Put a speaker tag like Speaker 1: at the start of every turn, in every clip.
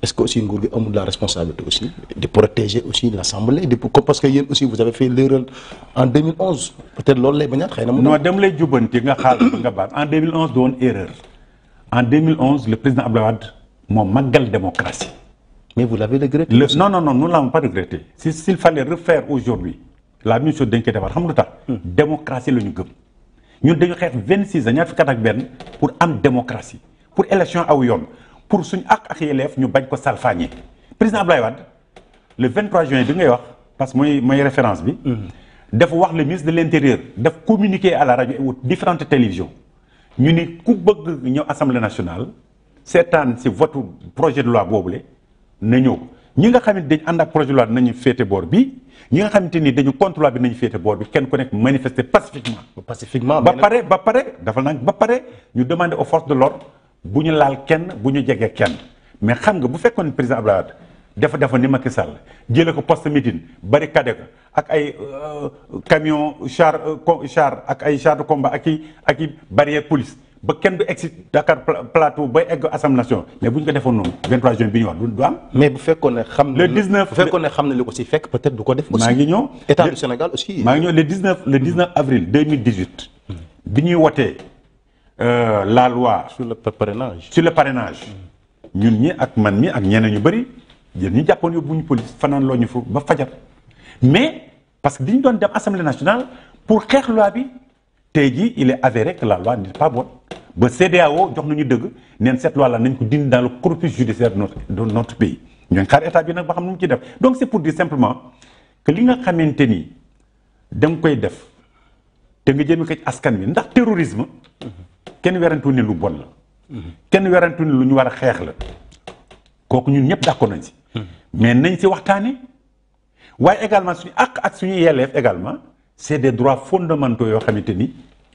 Speaker 1: est-ce que aussi nguur gi amul la responsabilité aussi de protéger aussi l'assemblée de parce que yéen aussi vous avez fait l'erreur en peut-être loolu lay bañaat xëy na. non
Speaker 2: dem lay jubbanti nga xaar nga baal en doon erreur en le président Abdoulaye Wade moo màggal démocratie. mais vous l'avez regretté. Le... non non non nous l'avons pas regretté si s'il fallait refaire aujourd'hui la même chose dañ koy defar xam hmm. démocratie la ñu gëm ñun dañu xeex 26 ans ñaar fukki at ak benn yoon. pour suñ ak ak yelleef ñu bañ ko salfaañee président Ablaye waat le 23 juin bi ngay wax parce que mooy mooy référence bi. Mm-hmm. dafa wax le ministre de l'intérieur daf communiquer à la rajo et aux différentes télévisions ñu ni ku bëgg ñëw assemblée nationale seetaan si votu projet de loi boobule na ñëw ñi nga xamante dañ ànd ak projet de loi nañu féete boor bi ñi nga xamante ni dañu contre loi bi nañu féete boor bi kenn ku nekk manifester pacifiquement. pacifiquement ba pare ba pare dafa nag ba pare ñu demander aux forces de l'ordre bu ñu laal kenn bu ñu jegee kenn mais xam nga bu fekkoon président Abdoulaye Wade defoon dafa ni Macky Sall jële ko poste meeting bari ko ak ay euh, camion char euh, char ak ay char de combat ak i ak i barrière police ba kenn du exit Dakar plateau bay egg Assemblée mais bu ñu ko defoon noonu bi ñu wax du am. mais bu fekkoon ne xam. le 19 bu fekkoon
Speaker 1: ne xam na li ko si fekk peut-être du ko def. maa ngi ñëw état du Sénégal aussi. maa
Speaker 2: ngi ñëw le avril bi ñuy wotee. euh, la loi. sur le parrainage sur le parrainage. ñun ñi ak man mi ak ñeneen ñu bëri yéen ñu jàppoon bu ñu police fanaan loo ñu fa ba fajar mais parce que bi ñu doon dem assemblée nationale pour xeex loi bi tey jii il est avéré que la loi n'est pas bonne ba CEDEAO jox nañu dëgg neen cette loi là nañ ko dindi daal le corpus judiciaire de notre de notre pays ñu xaar état bi nag ba xam nu mu ci def donc c'est pour dire simplement que li nga xamante ni da nga koy def te nga jëmi askan wi ndax terrorisme. kenn werantu ni lu bon la kenn werantu ni lu ñu war a xeex la kooku ñun ñëpp d'accord nañ si mais nañ si waxtaane waaye également suñu àq ak su suñu yelleef également c'est des droits fondamentaux yoo xamante ni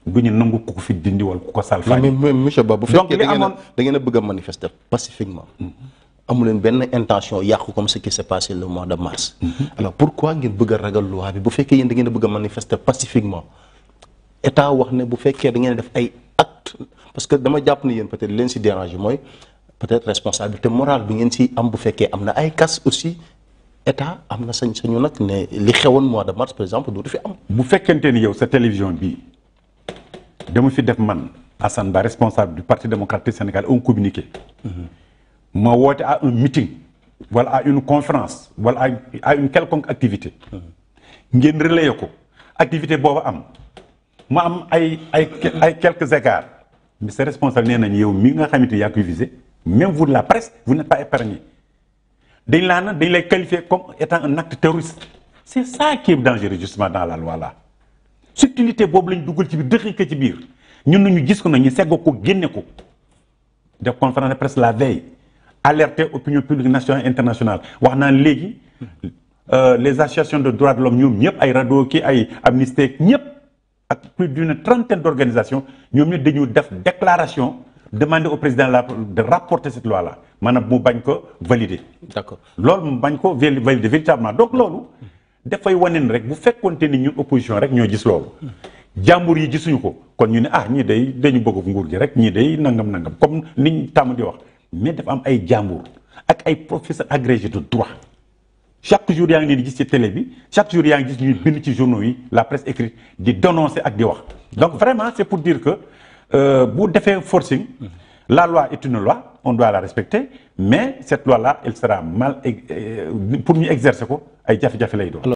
Speaker 2: du ñu nangu
Speaker 1: ku ko fi dindi wala ku ko salfaañe mais monsieur Ba bu fekkee da ngeen a da ngeen a bëgg a manifester pacifiquement mm-hmm. amu leen benn intention yàqu comme ce qui s'est passé le mois de mars mm-hmm. alors pourquoi ngeen bëgg a ragal loi bi bu fekkee yéen da ngeen a bëgg a manifester pacifiquement état wax ne bu fekkee da ngeen def ay parce que dama jàpp ni yéen peut-être leen si dérange mooy peut-être responsabilité morale bi ngeen si am bu fekkee am na ay cas aussi état am na sañ sañu nag ne li xewoon mois de mars par exemple dootu fi am. bu fekkente ni yow sa télévision bi
Speaker 2: dama fi def man assan Ba responsable du parti démocratique sénégal un communiqué. moo mm-hmm. woote à un meeting. wala à une conférence wala à une quelconque activité. Mm-hmm. ngeen relayer ko activité boobu am mu am ay ay ay quelques écarts. mais sa responsable nee nañu yow mii nga xamante ni yaa koy visé même vous de la presse vous n'êtes pas dañ laa na dañ lay qualifier comme étant un acte terroriste c'est ça qui est dangereux justement dans la loi là subtilité boobu lañ duggal ci biir dëxi ko ci biir ñun ñu gis ko nag ñu segg ko génne ko def conférence de presse la veille alerter opinion publique nationale internationale wax naa léegi euh, les associations de droits de l'homme ñoom ñëpp ay rajo ki ay amnistie ñëpp ak plus d'une trentaine d'organisations ñoom ñu dañu def déclaration demande au président la de rapporter cette loi là maanaam mu bañ ko valider. d'accord loolu mu bañ ko valider véritablement donc loolu dafay wane ni rek bu fekkonte ni ñun opposition rek ñoo gis loolu. jàmbur yi gisuñu ko kon ñu ne ah ñii day dañu bëgg nguur gi rek ñii day nangam nangam comme niñ tàmm di wax mais dafa am ay jàmbur ak ay professeurs agrégés de droit. chaque jour yaa ngi leen gis ci télé bi chaque jour yaa ngi gis ñuy bind ci journaux yi la presse écrite di dénoncer ak di wax donc vraiment c'est pour dire que euh, bu defee forcing mmh. la loi est une loi on doit la respecter mais cette loi là elle sera mal euh, pour ñu exercer ko ay jafe-jafe lay doon